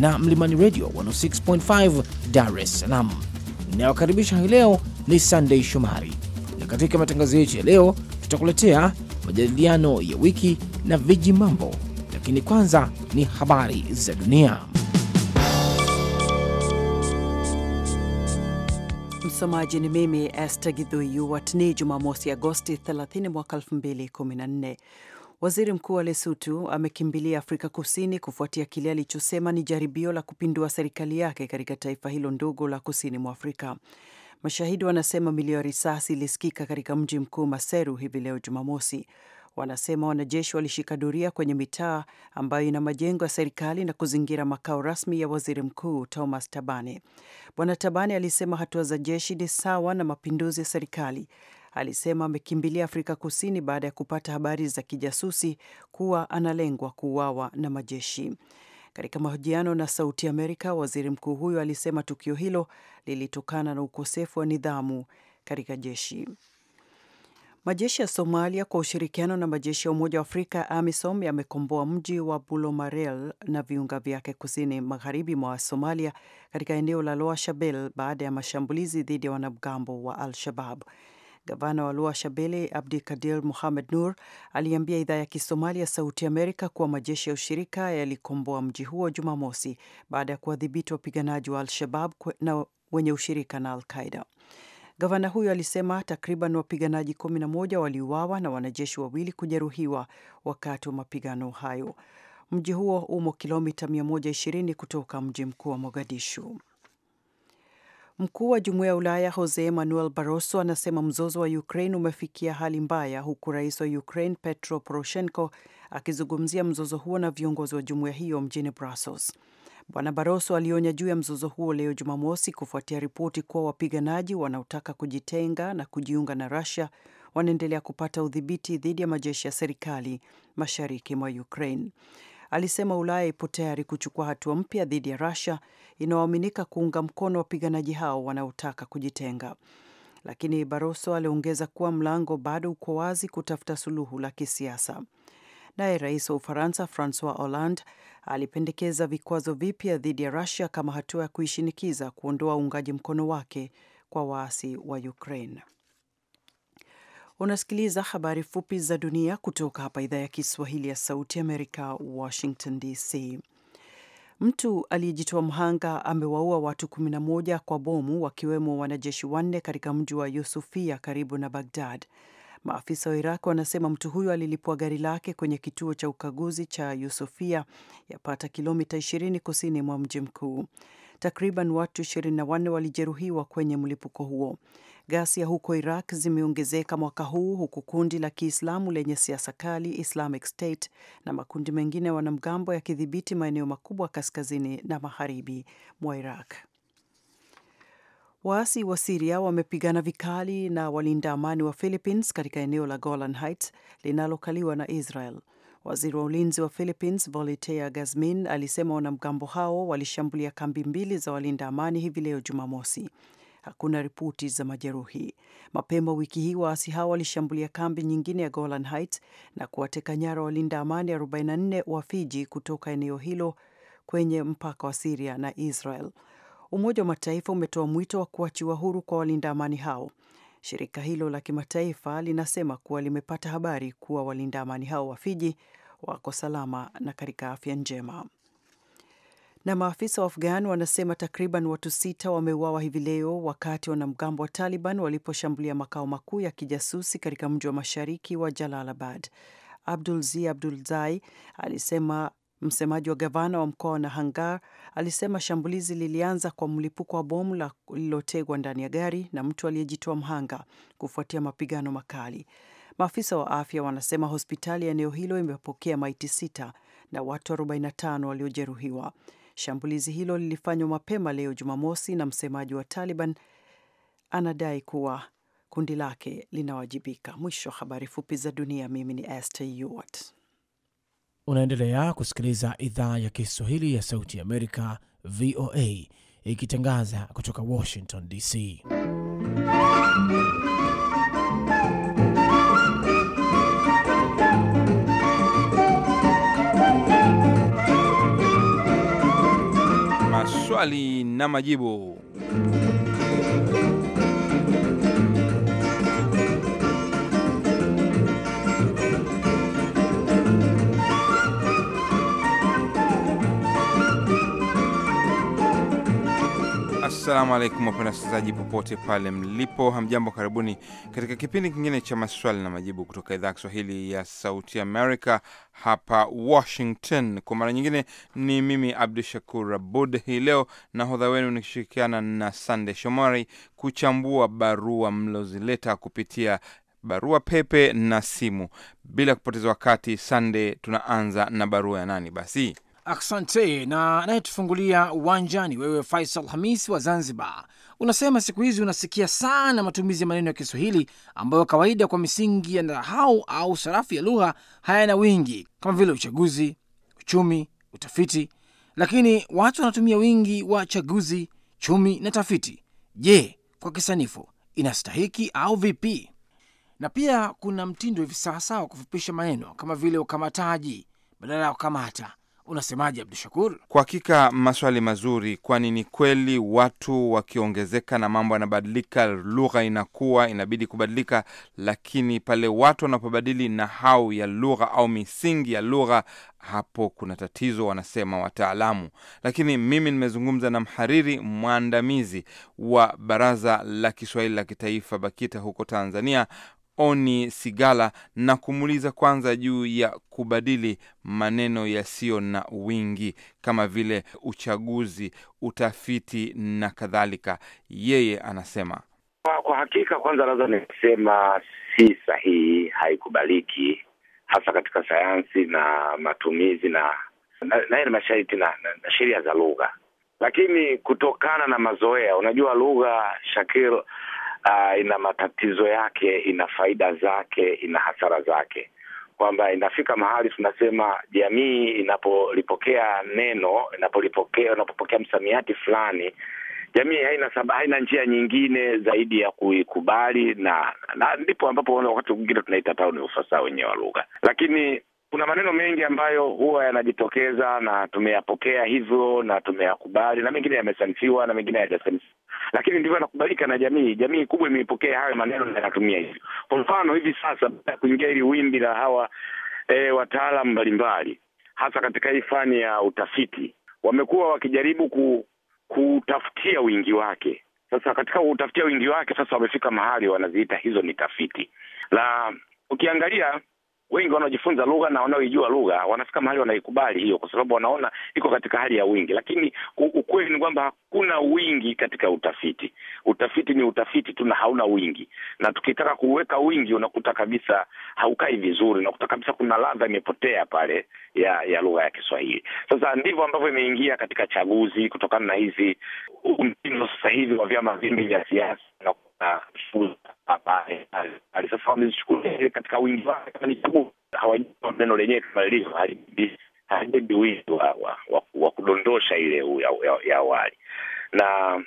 na Mlimani Radio 106.5 Dar es Salaam. Inayokaribisha hii leo ni Sunday Shomari, na katika matangazo yetu ya leo tutakuletea majadiliano ya wiki na viji mambo, lakini kwanza ni habari za dunia. Msomaji ni mimi Esther Githui Yuwatni. Jumamosi, Agosti 30 mwaka 2014 Waziri Mkuu wa Lesutu amekimbilia Afrika Kusini kufuatia kile alichosema ni jaribio la kupindua serikali yake katika taifa hilo ndogo la kusini mwa Afrika. Mashahidi wanasema milio ya risasi ilisikika katika mji mkuu Maseru hivi leo Jumamosi. Wanasema wanajeshi walishika doria kwenye mitaa ambayo ina majengo ya serikali na kuzingira makao rasmi ya waziri mkuu Thomas Tabane. Bwana Tabane alisema hatua za jeshi ni sawa na mapinduzi ya serikali, alisema amekimbilia Afrika Kusini baada ya kupata habari za kijasusi kuwa analengwa kuuawa na majeshi. Katika mahojiano na Sauti Amerika, waziri mkuu huyo alisema tukio hilo lilitokana na ukosefu wa nidhamu katika jeshi. Majeshi ya Somalia kwa ushirikiano na majeshi ya Umoja wa Afrika AMISOM yamekomboa mji wa Bulomarel na viunga vyake kusini magharibi mwa Somalia katika eneo la Loa Shabelle baada ya mashambulizi dhidi ya wanamgambo wa Al-Shabab. Gavana wa Lua Shabele Abdi Kadir muhamed Nur aliambia idhaa ya Kisomali ya Sauti Amerika kuwa majeshi ya ushirika yalikomboa mji huo Jumamosi baada ya kuwadhibiti wapiganaji wa Al-Shabab na wenye ushirika na Al-Qaida. Gavana huyo alisema takriban wapiganaji 11 waliuawa na wanajeshi wawili kujeruhiwa wakati wa mapigano hayo. Mji huo umo kilomita 120 kutoka mji mkuu wa Mogadishu. Mkuu wa Jumuiya ya Ulaya Jose Manuel Barroso anasema mzozo wa Ukraine umefikia hali mbaya, huku rais wa Ukraine Petro Poroshenko akizungumzia mzozo huo na viongozi wa jumuiya hiyo mjini Brussels. Bwana Barroso alionya juu ya mzozo huo leo Jumamosi kufuatia ripoti kuwa wapiganaji wanaotaka kujitenga na kujiunga na rasia wanaendelea kupata udhibiti dhidi ya majeshi ya serikali mashariki mwa Ukraine alisema Ulaya ipo tayari kuchukua hatua mpya dhidi ya rasia inayoaminika kuunga mkono wapiganaji hao wanaotaka kujitenga. Lakini Barroso aliongeza kuwa mlango bado uko wazi kutafuta suluhu la kisiasa. Naye rais wa Ufaransa Francois Hollande alipendekeza vikwazo vipya dhidi ya rasia kama hatua ya kuishinikiza kuondoa uungaji mkono wake kwa waasi wa Ukraine. Unasikiliza habari fupi za dunia kutoka hapa idhaa ya Kiswahili ya Sauti Amerika, Washington DC. Mtu aliyejitoa mhanga amewaua watu 11 kwa bomu wakiwemo wanajeshi wanne katika mji wa Yusufia karibu na Bagdad. Maafisa wa Iraq wanasema mtu huyo alilipua gari lake kwenye kituo cha ukaguzi cha Yusufia, yapata kilomita 20 kusini mwa mji mkuu. Takriban watu 24 walijeruhiwa kwenye mlipuko huo. Ghasia huko Iraq zimeongezeka mwaka huu huku kundi la Kiislamu lenye siasa kali Islamic State na makundi mengine ya wanamgambo yakidhibiti maeneo makubwa kaskazini na magharibi mwa Iraq. Waasi wa Siria wamepigana vikali na walinda amani wa Philippines katika eneo la Golan Heights linalokaliwa na Israel. Waziri wa ulinzi wa Philippines Volatea Gazmin alisema wanamgambo hao walishambulia kambi mbili za walinda amani hivi leo Jumamosi. Hakuna ripoti za majeruhi. Mapema wiki hii waasi hao walishambulia kambi nyingine ya Golan Heights na kuwateka nyara walinda amani 44 wa Fiji kutoka eneo hilo kwenye mpaka wa Siria na Israel. Umoja wa Mataifa umetoa mwito wa kuachiwa huru kwa walinda amani hao. Shirika hilo la kimataifa linasema kuwa limepata habari kuwa walinda amani hao wa Fiji wako salama na katika afya njema na maafisa wa Afghan wanasema takriban watu sita wameuawa hivi leo wakati wanamgambo wa Taliban waliposhambulia makao makuu ya kijasusi katika mji wa mashariki wa Jalalabad. Abdulzi Abdulzai alisema Msemaji wa gavana wa mkoa wa Nahangar alisema shambulizi lilianza kwa mlipuko wa bomu lililotegwa ndani ya gari na mtu aliyejitoa mhanga kufuatia mapigano makali. Maafisa wa afya wanasema hospitali ya eneo hilo imepokea maiti sita na watu 45 waliojeruhiwa. Shambulizi hilo lilifanywa mapema leo Jumamosi, na msemaji wa Taliban anadai kuwa kundi lake linawajibika. Mwisho wa habari fupi za dunia. Mimi ni Esther Yuwat. Unaendelea kusikiliza idhaa ya Kiswahili ya Sauti ya Amerika, VOA, ikitangaza kutoka Washington DC. maswali na majibu. Assalamu alaikum wapenda popote pale mlipo, hamjambo, karibuni katika kipindi kingine cha maswali na majibu kutoka idhaa ya Kiswahili ya Sauti Amerika hapa Washington. Kwa mara nyingine ni mimi Abdu Shakur Abud hii leo nahodha wenu nikishirikiana na Sande Shomari kuchambua barua mlozileta kupitia barua pepe na simu. Bila kupoteza wakati, Sande, tunaanza na barua ya nani basi? Asante, na anayetufungulia uwanja ni wewe Faisal Hamis wa Zanzibar. Unasema siku hizi unasikia sana matumizi ya maneno ya Kiswahili ambayo kawaida kwa misingi ya dharau au sarafu ya lugha hayana wingi, kama vile uchaguzi, uchumi, utafiti, lakini watu wanatumia wingi wa chaguzi, chumi na tafiti. Je, kwa kisanifu inastahiki au vipi? Na pia kuna mtindo hivi sasa wa kufupisha maneno kama vile ukamataji badala ya kukamata Unasemaje Abdu Shakur? Kwa hakika maswali mazuri, kwani ni kweli watu wakiongezeka na mambo yanabadilika, lugha inakuwa inabidi kubadilika. Lakini pale watu wanapobadili nahau ya lugha au misingi ya lugha, hapo kuna tatizo, wanasema wataalamu. Lakini mimi nimezungumza na mhariri mwandamizi wa Baraza la Kiswahili la Kitaifa BAKITA huko Tanzania, Oni Sigala na kumuuliza kwanza juu ya kubadili maneno yasiyo na wingi kama vile uchaguzi, utafiti na kadhalika. Yeye anasema kwa hakika, kwanza lazima nikisema si sahihi, haikubaliki hasa katika sayansi na matumizi na naye na masharti na, na, na sheria za lugha, lakini kutokana na mazoea, unajua lugha Shakir, uh, ina matatizo yake, ina faida zake, ina hasara zake, kwamba inafika mahali tunasema jamii inapolipokea neno, inapolipokea, unapopokea msamiati fulani jamii haina saba, haina njia nyingine zaidi ya kuikubali, na ndipo ambapo wakati mwingine tunaita tao ni ufasaha wenyewe wa lugha. Lakini kuna maneno mengi ambayo huwa yanajitokeza na tumeyapokea hivyo na tumeyakubali, na mengine yamesanifiwa na mengine hayajasanifiwa, lakini ndivyo yanakubalika na jamii. Jamii kubwa imeipokea hayo maneno na yanatumia hivyo. Kwa mfano, hivi sasa baada ya kuingia hili wimbi la hawa e, wataalam mbalimbali, hasa katika hii fani ya utafiti, wamekuwa wakijaribu ku, kutafutia wingi wake. Sasa katika kutafutia wingi wake, sasa wamefika mahali wanaziita hizo ni tafiti, na ukiangalia wengi wanaojifunza lugha na wanaoijua lugha wanafika mahali wanaikubali hiyo, kwa sababu wanaona iko katika hali ya wingi, lakini ukweli ni kwamba hakuna wingi katika utafiti. Utafiti ni utafiti tu na hauna wingi, na tukitaka kuweka wingi unakuta kabisa haukai vizuri, unakuta kabisa kuna ladha imepotea pale ya ya lugha ya Kiswahili. Sasa ndivyo ambavyo imeingia katika chaguzi kutokana na hizi mtindo sasa hivi wa vyama vingi vya siasa na ambaye alifafamu katika wingi wake kama ni hawajua neno lenyewe kama lilivyo halibebi wingi wa, wa, wa, wa kudondosha ile ya, ya, ya awali. Na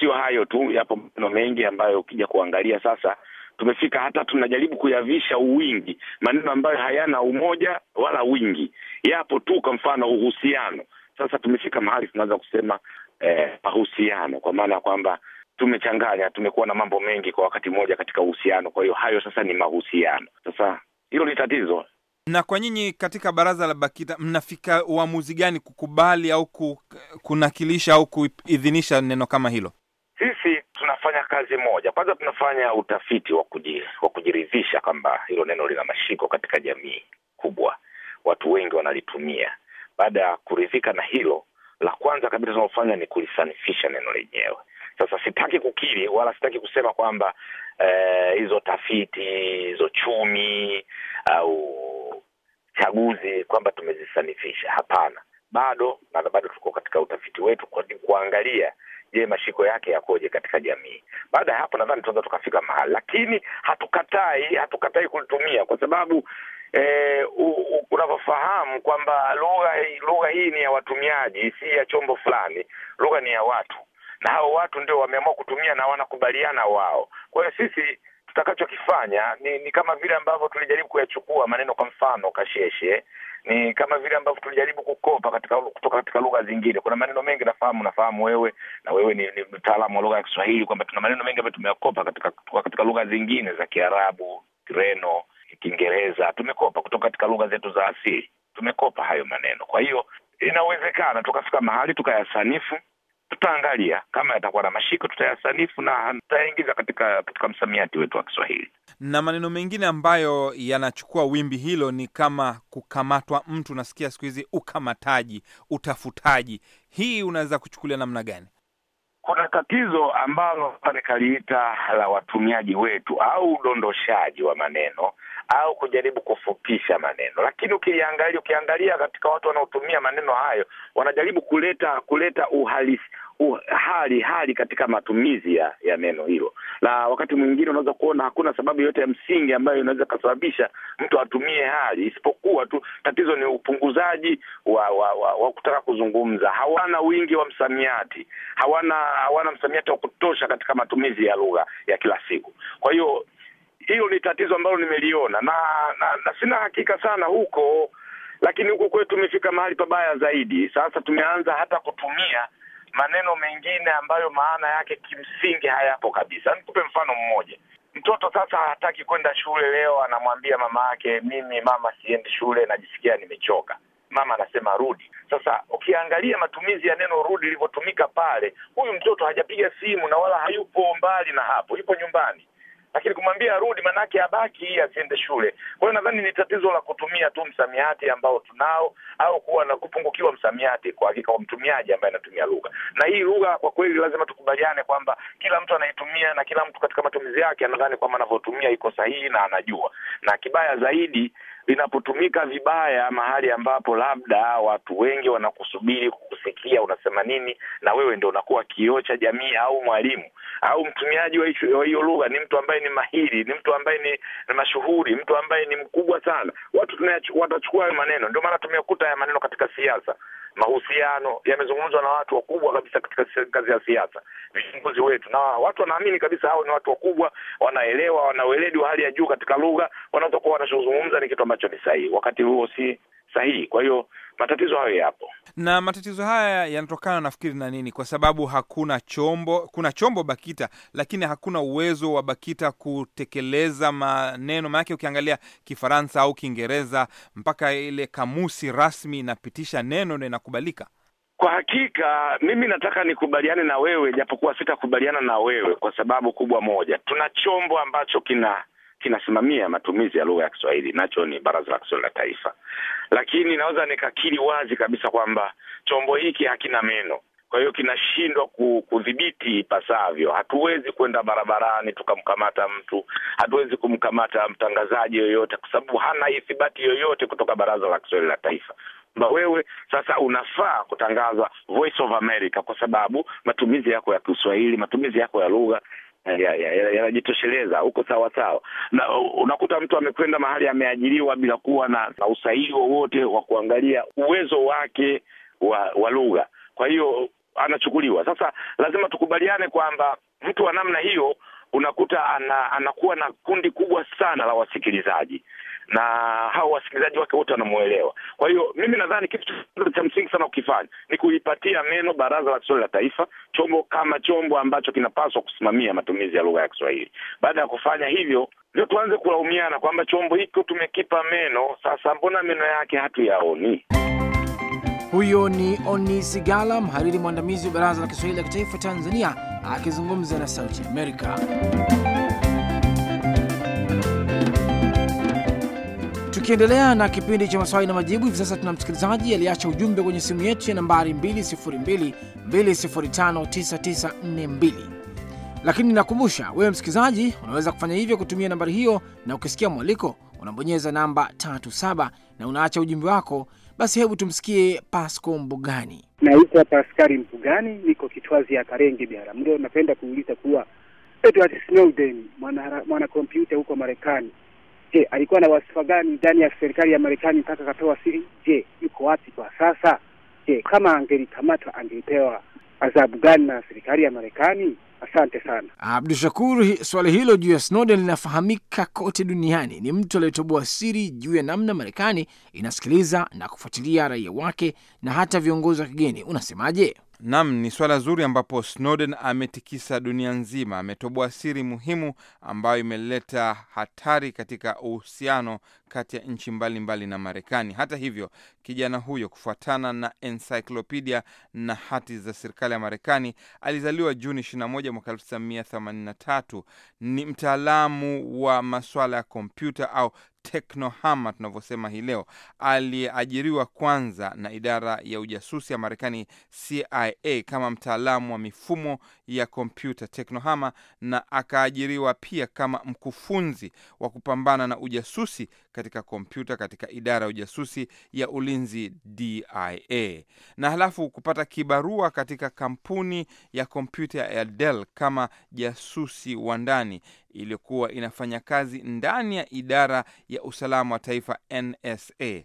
sio hayo tu, yapo maneno mengi ambayo ukija kuangalia sasa tumefika hata tunajaribu kuyavisha uwingi maneno ambayo hayana umoja wala wingi, yapo tu. Kwa mfano uhusiano, sasa tumefika mahali tunaweza kusema eh, mahusiano kwa maana ya kwamba tumechanganya, tumekuwa na mambo mengi kwa wakati mmoja katika uhusiano. Kwa hiyo hayo sasa ni mahusiano. Sasa hilo ni tatizo. Na kwa nyinyi katika baraza la BAKITA mnafika uamuzi gani, kukubali au kunakilisha au kuidhinisha neno kama hilo? Sisi tunafanya kazi moja. Kwanza tunafanya utafiti wa wa kujiridhisha kwamba hilo neno lina mashiko katika jamii kubwa, watu wengi wanalitumia. Baada ya kuridhika na hilo, la kwanza kabisa tunalofanya ni kulisanifisha neno lenyewe. Sasa sitaki kukiri wala sitaki kusema kwamba eh, hizo tafiti hizo chumi au chaguzi kwamba tumezisanifisha. Hapana, bado bado, bado tuko katika utafiti wetu kuangalia je, mashiko yake yakoje katika jamii. Baada ya hapo, nadhani tunaweza tukafika mahali, lakini hatukatai, hatukatai kulitumia kwa sababu eh, unavyofahamu kwamba lugha lugha hii ni ya watumiaji, si ya chombo fulani. Lugha ni ya watu na hao watu ndio wameamua kutumia na wanakubaliana wao. Kwa hiyo sisi tutakachokifanya ni, ni kama vile ambavyo tulijaribu kuyachukua maneno, kwa mfano kasheshe, ni kama vile ambavyo tulijaribu kukopa katika, kutoka katika lugha zingine. Kuna maneno mengi nafahamu, nafahamu wewe na wewe ni, ni mtaalamu wa lugha ya Kiswahili kwamba tuna maneno mengi ambayo tumeyakopa katika, katika lugha zingine za Kiarabu, Kireno, Kiingereza, tumekopa kutoka katika lugha zetu za asili, tumekopa hayo maneno. Kwa hiyo inawezekana tukafika mahali tukayasanifu tutaangalia kama yatakuwa na mashiko, tutayasanifu na tutayaingiza katika katika msamiati wetu wa Kiswahili. Na maneno mengine ambayo yanachukua wimbi hilo ni kama kukamatwa mtu. Unasikia siku hizi ukamataji, utafutaji. Hii unaweza kuchukulia namna gani? Kuna tatizo ambalo hapa nikaliita la watumiaji wetu au udondoshaji wa maneno au kujaribu kufupisha maneno, lakini ukiangalia ukiangalia katika watu wanaotumia maneno hayo wanajaribu kuleta kuleta uhalisi Uh, hali hali katika matumizi ya, ya neno hilo, na wakati mwingine unaweza kuona hakuna sababu yoyote ya msingi ambayo inaweza ikasababisha mtu atumie hali, isipokuwa tu tatizo ni upunguzaji wa wa, wa, wa kutaka kuzungumza. Hawana wingi wa msamiati, hawana hawana msamiati wa kutosha katika matumizi ya lugha ya kila siku. Kwa hiyo hilo ni tatizo ambalo nimeliona na, na, na sina hakika sana huko, lakini huko kwetu tumefika mahali pabaya zaidi. Sasa tumeanza hata kutumia maneno mengine ambayo maana yake kimsingi hayapo kabisa. Nikupe mfano mmoja. Mtoto sasa hataki kwenda shule leo, anamwambia mama yake, mimi mama, siendi shule, najisikia nimechoka. Mama anasema rudi. Sasa ukiangalia matumizi ya neno rudi ilivyotumika pale, huyu mtoto hajapiga simu na wala hayupo mbali na hapo, yupo nyumbani lakini kumwambia arudi, maanake abaki hii asiende shule. Kwa hiyo nadhani ni tatizo la kutumia tu msamiati ambao tunao au kuwa na kupungukiwa msamiati kwa hakika wa mtumiaji ambaye anatumia lugha. Na hii lugha kwa kweli lazima tukubaliane kwamba kila mtu anaitumia na kila mtu katika matumizi yake anadhani kwamba anavyotumia iko sahihi na anajua, na kibaya zaidi linapotumika vibaya mahali ambapo labda watu wengi wanakusubiri kukusikia unasema nini, na wewe ndo unakuwa kioo cha jamii, au mwalimu au mtumiaji wa hiyo lugha ni mtu ambaye ni mahiri, ni mtu ambaye ni, ni mashuhuri, mtu ambaye ni mkubwa sana, watu watachukua hayo maneno. Ndio maana tumekuta haya maneno katika siasa mahusiano yamezungumzwa na watu wakubwa kabisa katika ngazi ya siasa, viongozi wetu, na watu wanaamini kabisa hao ni watu wakubwa, wanaelewa, wana weledi wa hali ya juu katika lugha, wanaweza kuwa wanachozungumza ni kitu ambacho ni sahihi, wakati huo si sahihi. Kwa hiyo matatizo hayo yapo, na matatizo haya yanatokana nafikiri na nini? Kwa sababu hakuna chombo, kuna chombo BAKITA lakini hakuna uwezo wa BAKITA kutekeleza maneno. manake ukiangalia Kifaransa au Kiingereza, mpaka ile kamusi rasmi inapitisha neno na inakubalika. Kwa hakika mimi nataka nikubaliane na wewe, japokuwa sitakubaliana na wewe kwa sababu kubwa moja, tuna chombo ambacho kina kinasimamia matumizi ya lugha ya Kiswahili, nacho ni Baraza la Kiswahili la Taifa. Lakini naweza nikakiri wazi kabisa kwamba chombo hiki hakina meno kwa hiyo kinashindwa kudhibiti ipasavyo. Hatuwezi kwenda barabarani tukamkamata mtu, hatuwezi kumkamata mtangazaji yoyote, kwa sababu hana ithibati yoyote kutoka Baraza la Kiswahili la Taifa kwamba wewe sasa unafaa kutangaza Voice of America, kwa sababu matumizi yako ya Kiswahili, matumizi yako ya lugha yanajitosheleza, huko sawa sawa. Na unakuta mtu amekwenda mahali ameajiriwa bila kuwa na, na usahihi wowote wa kuangalia uwezo wake wa, wa lugha, kwa hiyo anachukuliwa. Sasa lazima tukubaliane kwamba mtu wa namna hiyo unakuta ana, anakuwa na kundi kubwa sana la wasikilizaji na hao wasikilizaji wake wote wanamwelewa. Kwa hiyo mimi nadhani kitu cha msingi sana ukifanya ni kuipatia meno Baraza la Kiswahili la Taifa, chombo kama chombo ambacho kinapaswa kusimamia matumizi ya lugha ya Kiswahili. Baada ya kufanya hivyo, ndio tuanze kulaumiana kwamba chombo hiko tumekipa meno, sasa mbona meno yake hatuyaoni? Huyo ni Oni Sigala, mhariri mwandamizi wa Baraza la Kiswahili la Kitaifa Tanzania, akizungumza na Sauti Amerika. Tukiendelea na kipindi cha maswali na majibu, hivi sasa tuna msikilizaji aliacha ujumbe kwenye simu yetu ya nambari 202 Lakini nakumbusha wewe msikilizaji, unaweza kufanya hivyo kutumia nambari hiyo, na ukisikia mwaliko unabonyeza namba 37 na unaacha ujumbe wako. Basi hebu tumsikie Pasco Mbugani. Naitwa Paskari Mbugani, niko Kitwazi ya Karenge, Biharamulo. Napenda kuuliza kuwa Edward Snowden mwana kompyuta huko Marekani Je, alikuwa na wasifa gani ndani ya serikali ya Marekani mpaka akapewa siri? Je, yuko wapi kwa sasa? Je, kama angelikamatwa angelipewa adhabu gani na serikali ya Marekani? Asante sana Abdu Shakur. Swali hilo juu ya Snowden linafahamika kote duniani. Ni mtu aliyetoboa siri juu ya namna Marekani inasikiliza na kufuatilia raia wake na hata viongozi wa kigeni. Unasemaje? Nam, ni swala zuri ambapo Snowden ametikisa dunia nzima. Ametoboa siri muhimu ambayo imeleta hatari katika uhusiano kati ya nchi mbalimbali na Marekani. Hata hivyo, kijana huyo, kufuatana na encyclopedia na hati za serikali ya Marekani, alizaliwa Juni 21 mwaka 1983. Ni mtaalamu wa masuala ya kompyuta au teknohama tunavyosema hii leo, aliyeajiriwa kwanza na idara ya ujasusi ya Marekani CIA kama mtaalamu wa mifumo ya kompyuta teknohama, na akaajiriwa pia kama mkufunzi wa kupambana na ujasusi katika kompyuta katika idara ya ujasusi ya ulinzi DIA, na halafu kupata kibarua katika kampuni ya kompyuta ya Dell kama jasusi wa ndani iliyokuwa inafanya kazi ndani ya idara ya usalama wa taifa NSA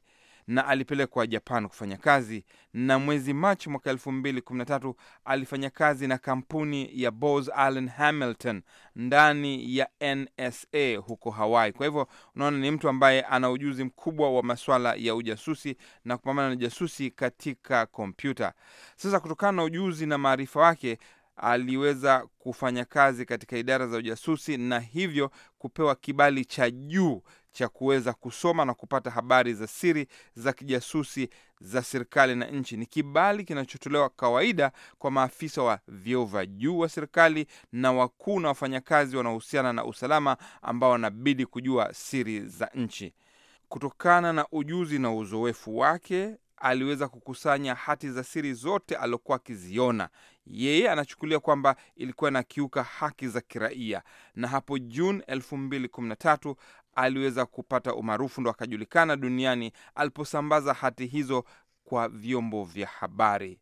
na alipelekwa Japan kufanya kazi, na mwezi Machi mwaka 2013 alifanya kazi na kampuni ya Bos Allen Hamilton ndani ya NSA huko Hawaii. Kwa hivyo unaona, ni mtu ambaye ana ujuzi mkubwa wa maswala ya ujasusi na kupambana na ujasusi katika kompyuta. Sasa kutokana na ujuzi na maarifa wake aliweza kufanya kazi katika idara za ujasusi na hivyo kupewa kibali cha juu cha kuweza kusoma na kupata habari za siri za kijasusi za serikali na nchi. Ni kibali kinachotolewa kawaida kwa maafisa wa vyeo vya juu wa serikali na wakuu na wafanyakazi wanaohusiana na usalama ambao wanabidi kujua siri za nchi. Kutokana na ujuzi na uzoefu wake aliweza kukusanya hati za siri zote aliokuwa akiziona. Yeye anachukulia kwamba ilikuwa inakiuka haki za kiraia, na hapo Juni 2013 aliweza kupata umaarufu, ndo akajulikana duniani aliposambaza hati hizo kwa vyombo vya habari.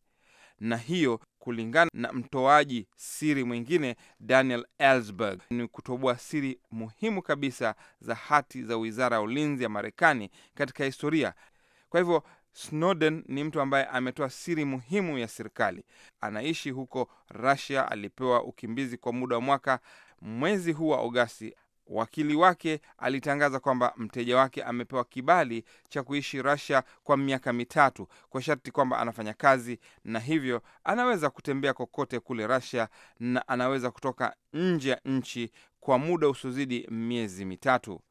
Na hiyo kulingana na mtoaji siri mwingine Daniel elsberg ni kutoboa siri muhimu kabisa za hati za wizara ya ulinzi ya Marekani katika historia. Kwa hivyo Snowden ni mtu ambaye ametoa siri muhimu ya serikali. Anaishi huko Russia, alipewa ukimbizi kwa muda wa mwaka. Mwezi huu wa Agosti Wakili wake alitangaza kwamba mteja wake amepewa kibali cha kuishi Russia kwa miaka mitatu kwa sharti kwamba anafanya kazi na hivyo anaweza kutembea kokote kule Russia na anaweza kutoka nje ya nchi kwa muda usiozidi miezi mitatu.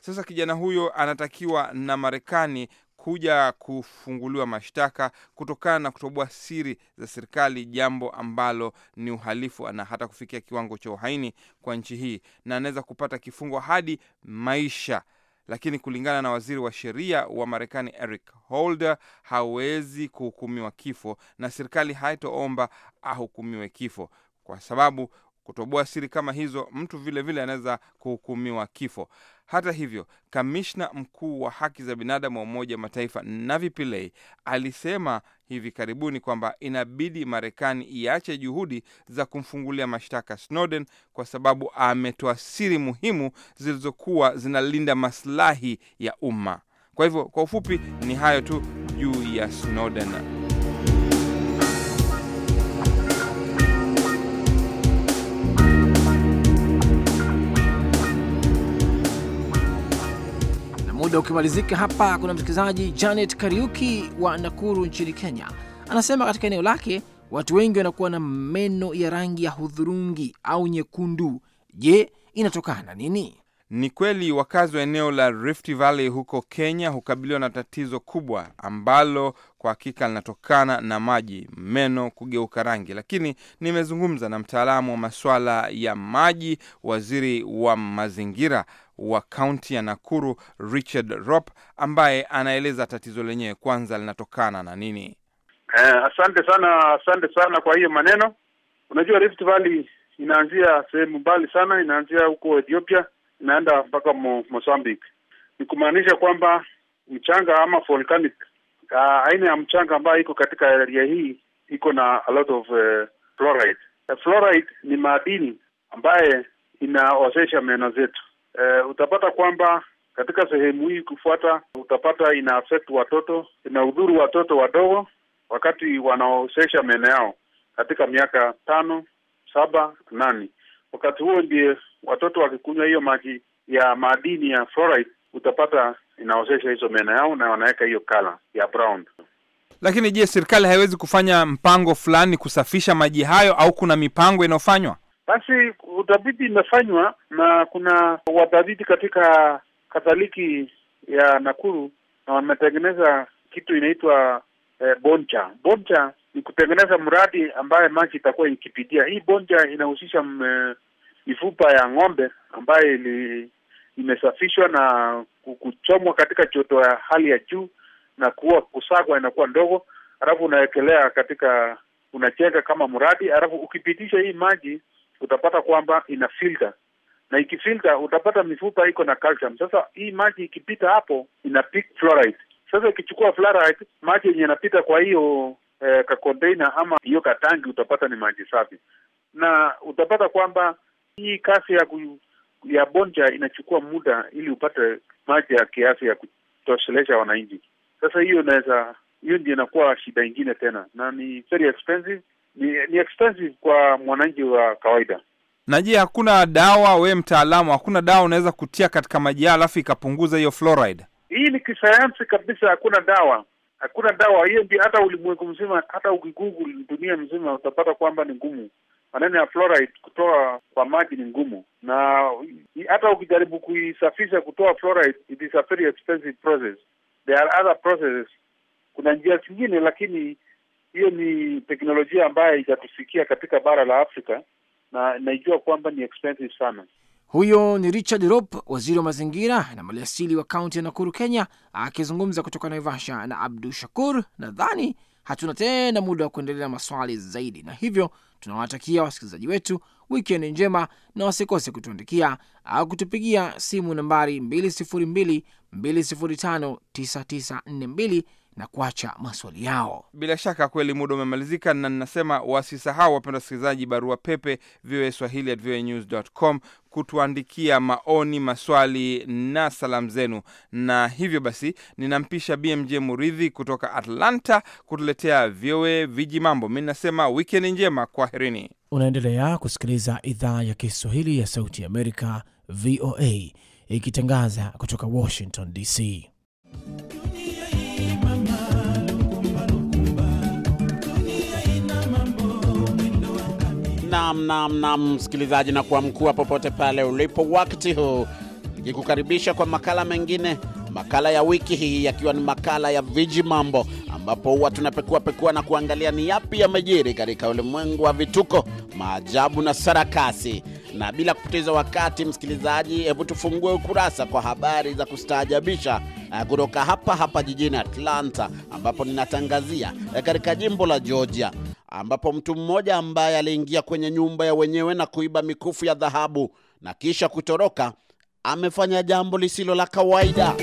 Sasa kijana huyo anatakiwa na Marekani kuja kufunguliwa mashtaka kutokana na kutoboa siri za serikali, jambo ambalo ni uhalifu na hata kufikia kiwango cha uhaini kwa nchi hii, na anaweza kupata kifungo hadi maisha. Lakini kulingana na waziri wa sheria wa Marekani Eric Holder, hawezi kuhukumiwa kifo na serikali haitoomba ahukumiwe kifo kwa sababu kutoboa siri kama hizo, mtu vilevile anaweza kuhukumiwa kifo. Hata hivyo, kamishna mkuu wa haki za binadamu wa Umoja Mataifa Navi Pillay alisema hivi karibuni kwamba inabidi Marekani iache juhudi za kumfungulia mashtaka Snowden kwa sababu ametoa siri muhimu zilizokuwa zinalinda maslahi ya umma. Kwa hivyo, kwa ufupi ni hayo tu juu ya Snowden. Muda ukimalizika hapa, kuna msikilizaji Janet Kariuki wa Nakuru nchini Kenya, anasema katika eneo lake watu wengi wanakuwa na meno ya rangi ya hudhurungi au nyekundu. Je, inatokana nini? Ni kweli wakazi wa eneo la Rift Valley huko Kenya hukabiliwa na tatizo kubwa ambalo kwa hakika linatokana na maji, meno kugeuka rangi. Lakini nimezungumza na mtaalamu wa masuala ya maji, waziri wa mazingira wa kaunti ya Nakuru Richard Rop, ambaye anaeleza tatizo lenyewe kwanza linatokana na nini. Eh, asante sana, asante sana kwa hiyo maneno. Unajua, Rift Valley inaanzia sehemu mbali sana, inaanzia huko Ethiopia inaenda mpaka Mo, Mozambique. Ni kumaanisha kwamba mchanga ama volcanic ah, aina ya mchanga ambayo iko katika area hii iko na a lot of uh, fluoride. Eh, fluoride ni madini ambaye inaozesha meno zetu e, utapata kwamba katika sehemu hii kufuata, utapata ina affect watoto, ina udhuru watoto wadogo wakati wanaosesha meno yao katika miaka tano, saba, nane. Wakati huo ndiye watoto wakikunywa hiyo maji ya madini ya fluoride, utapata inaosesha hizo meno yao na wanaweka hiyo kala ya brown. Lakini je, serikali haiwezi kufanya mpango fulani kusafisha maji hayo, au kuna mipango inayofanywa? Basi utafiti imefanywa na kuna watafiti katika Katoliki ya Nakuru na wametengeneza kitu inaitwa eh, boncha. Boncha ni kutengeneza mradi ambaye maji itakuwa ikipitia. Hii boncha inahusisha mm, eh, mifupa ya ng'ombe ambaye ili imesafishwa na kuchomwa katika joto ya hali ya juu na kuwa kusagwa inakuwa ndogo, alafu unawekelea katika, unacheka kama mradi, alafu ukipitisha hii maji utapata kwamba ina filter na ikifilter utapata mifupa iko na calcium. Sasa hii maji ikipita hapo ina pick fluoride. Sasa ikichukua fluoride, maji yenye inapita kwa hiyo eh, ka container ama hiyo katangi, utapata ni maji safi, na utapata kwamba hii kasi ya ku, ya bonja inachukua muda ili upate maji ya kiasi ya kutoshelesha wananchi. Sasa hiyo inaweza hiyo ndio inakuwa shida ingine tena, na ni very expensive ni, ni expensive kwa mwananchi wa kawaida. Na je, hakuna dawa, we mtaalamu, hakuna dawa unaweza kutia katika maji yao alafu ikapunguza hiyo fluoride? Hii ni kisayansi kabisa, hakuna dawa, hakuna dawa hiyo. Ndio hata ulimwengu mzima, hata ukigoogle dunia mzima utapata kwamba ni ngumu maneno ya fluoride kutoa kwa maji ni ngumu, na hata ukijaribu kuisafisha kutoa fluoride, it is a very expensive process. There are other processes, kuna njia zingine, lakini hiyo ni teknolojia ambayo haijatufikia katika bara la Afrika na naijua kwamba ni expensive sana. Huyo ni Richard Rop, waziri wa mazingira na maliasili wa kaunti ya Nakuru, Kenya, akizungumza kutoka Naivasha na Abdu Shakur. Nadhani hatuna tena muda wa kuendelea maswali zaidi, na hivyo tunawatakia wasikilizaji wetu wikendi njema na wasikose kutuandikia au kutupigia simu nambari 202 205 9942 na kuacha maswali yao. Bila shaka kweli muda umemalizika, na ninasema wasisahau, wapenda wasikilizaji, barua pepe voa swahili at voa news com kutuandikia maoni, maswali na salamu zenu. Na hivyo basi, ninampisha BMJ Muridhi kutoka Atlanta kutuletea VOA viji mambo. Mi ninasema wikendi njema, kwaherini. Unaendelea kusikiliza idhaa ya Kiswahili ya Sauti ya Amerika, VOA, ikitangaza kutoka Washington DC. Nam, nam, nam, msikilizaji na kuamkua mkuu popote pale ulipo, wakati huu ikikukaribisha kwa makala mengine, makala ya wiki hii yakiwa ni makala ya viji mambo, ambapo huwa tunapekua pekua na kuangalia ni yapi yamejiri katika ulimwengu wa vituko, maajabu na sarakasi. Na bila kupoteza wakati, msikilizaji, hebu tufungue ukurasa kwa habari za kustaajabisha eh, kutoka hapa hapa jijini Atlanta, ambapo ninatangazia eh, katika jimbo la Georgia ambapo mtu mmoja ambaye aliingia kwenye nyumba ya wenyewe na kuiba mikufu ya dhahabu na kisha kutoroka amefanya jambo lisilo la kawaida.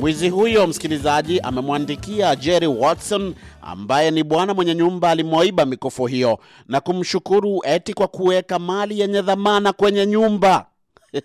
Mwizi huyo, msikilizaji, amemwandikia Jerry Watson ambaye ni bwana mwenye nyumba alimwaiba mikufu hiyo na kumshukuru eti kwa kuweka mali yenye dhamana kwenye nyumba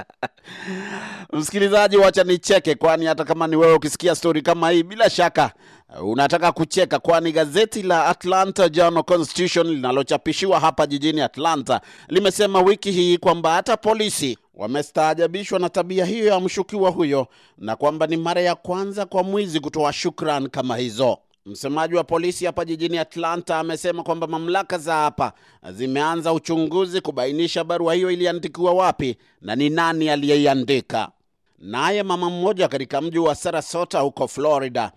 Msikilizaji, wacha nicheke, kwani hata kama ni wewe ukisikia stori kama hii, bila shaka uh, unataka kucheka, kwani gazeti la Atlanta Journal Constitution linalochapishiwa hapa jijini Atlanta limesema wiki hii kwamba hata polisi wamestaajabishwa na tabia hiyo ya mshukiwa huyo na kwamba ni mara ya kwanza kwa mwizi kutoa shukran kama hizo. Msemaji wa polisi hapa jijini Atlanta amesema kwamba mamlaka za hapa zimeanza uchunguzi kubainisha barua hiyo iliandikiwa wapi na ni nani aliyeiandika. Naye mama mmoja katika mji wa Sarasota huko Florida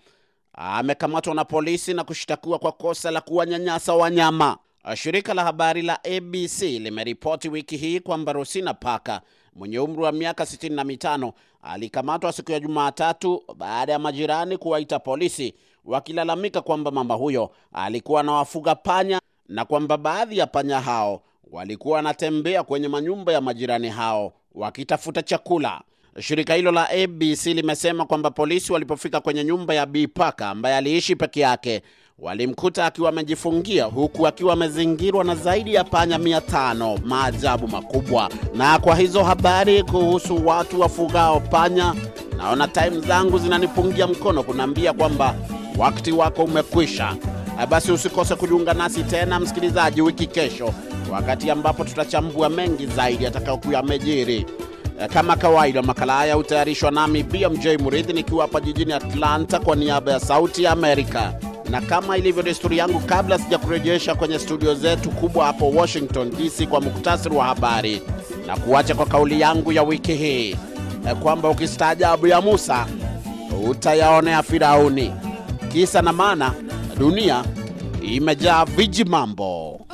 amekamatwa na polisi na kushtakiwa kwa kosa la kuwanyanyasa wanyama. Shirika la habari la ABC limeripoti wiki hii kwamba Rosina Paka mwenye umri wa miaka 65 alikamatwa siku ya Jumatatu baada ya majirani kuwaita polisi wakilalamika kwamba mama huyo alikuwa anawafuga panya na kwamba baadhi ya panya hao walikuwa wanatembea kwenye manyumba ya majirani hao wakitafuta chakula. Shirika hilo la ABC limesema kwamba polisi walipofika kwenye nyumba ya bipaka ambaye aliishi peke yake walimkuta akiwa amejifungia huku akiwa amezingirwa na zaidi ya panya 5 Maajabu makubwa. Na kwa hizo habari kuhusu watu wafugao panya, naona time zangu zinanipungia mkono kunaambia kwamba wakati wako umekwisha. Eh, basi usikose kujiunga nasi tena, msikilizaji, wiki kesho, wakati ambapo tutachambua mengi zaidi atakayokuwa amejiri eh, Kama kawaida, makala haya hutayarishwa nami BMJ mridhi nikiwa hapa jijini Atlanta kwa niaba ya Sauti ya Amerika, na kama ilivyo desturi yangu, kabla sijakurejesha kwenye studio zetu kubwa hapo Washington DC kwa muktasari wa habari, na kuacha kwa kauli yangu ya wiki hii eh, kwamba ukistaajabu ya Musa utayaonea Firauni kisa na maana, dunia imejaa viji mambo. Oh,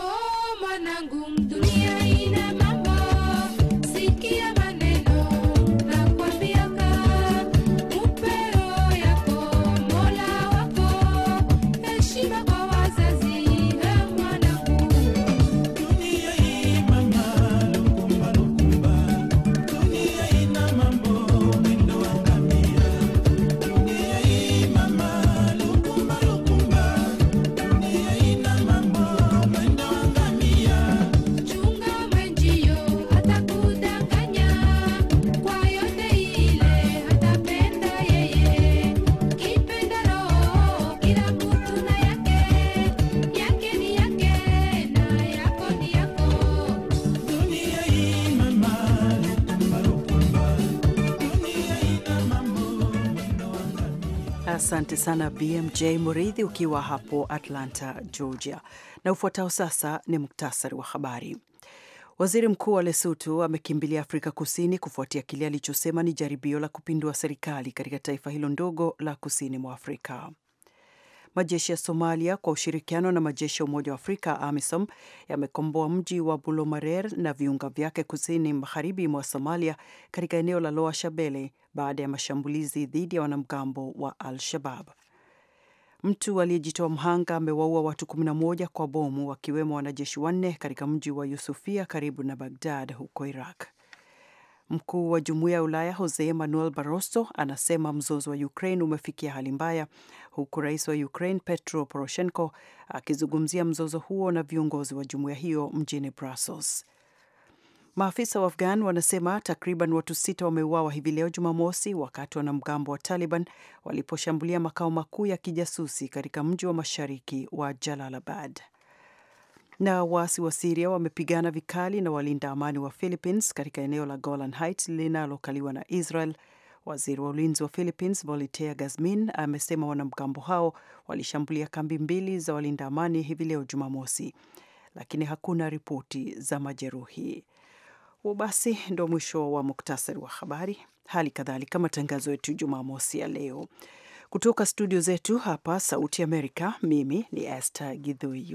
Asante sana BMJ Muridhi ukiwa hapo Atlanta, Georgia. Na ufuatao sasa ni muktasari wa habari. Waziri mkuu wa lesutu amekimbilia Afrika Kusini kufuatia kile alichosema ni jaribio la kupindua serikali katika taifa hilo ndogo la kusini mwa Afrika. Majeshi ya Somalia kwa ushirikiano na majeshi ya Umoja wa Afrika AMISOM yamekomboa mji wa Bulomarer na viunga vyake kusini magharibi mwa Somalia katika eneo la Loa Shabele baada ya mashambulizi dhidi ya wanamgambo wa Al-Shabab. Mtu aliyejitoa mhanga amewaua watu 11 kwa bomu wakiwemo wanajeshi wanne katika mji wa Yusufia karibu na Bagdad huko Iraq. Mkuu wa Jumuiya ya Ulaya Jose Manuel Barroso anasema mzozo wa Ukraine umefikia hali mbaya, huku rais wa Ukraine Petro Poroshenko akizungumzia mzozo huo na viongozi wa jumuiya hiyo mjini Brussels. Maafisa wa Afghan wanasema takriban watu sita wameuawa hivi leo Jumamosi wakati wanamgambo wa Taliban waliposhambulia makao makuu ya kijasusi katika mji wa mashariki wa Jalalabad. Na waasi wa Siria wamepigana vikali na walinda amani wa Philippines katika eneo la Golan Heights linalokaliwa na Israel. Waziri wa ulinzi wa Philippines Volitea Gazmin amesema wanamgambo hao walishambulia kambi mbili za walinda amani hivi leo Jumamosi, lakini hakuna ripoti za majeruhi. Basi ndo mwisho wa muktasari wa habari, hali kadhalika matangazo yetu Jumamosi ya leo kutoka studio zetu hapa Sauti Amerika. Mimi ni Esther Gidhui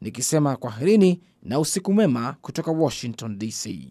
nikisema kwaherini na usiku mwema kutoka Washington DC.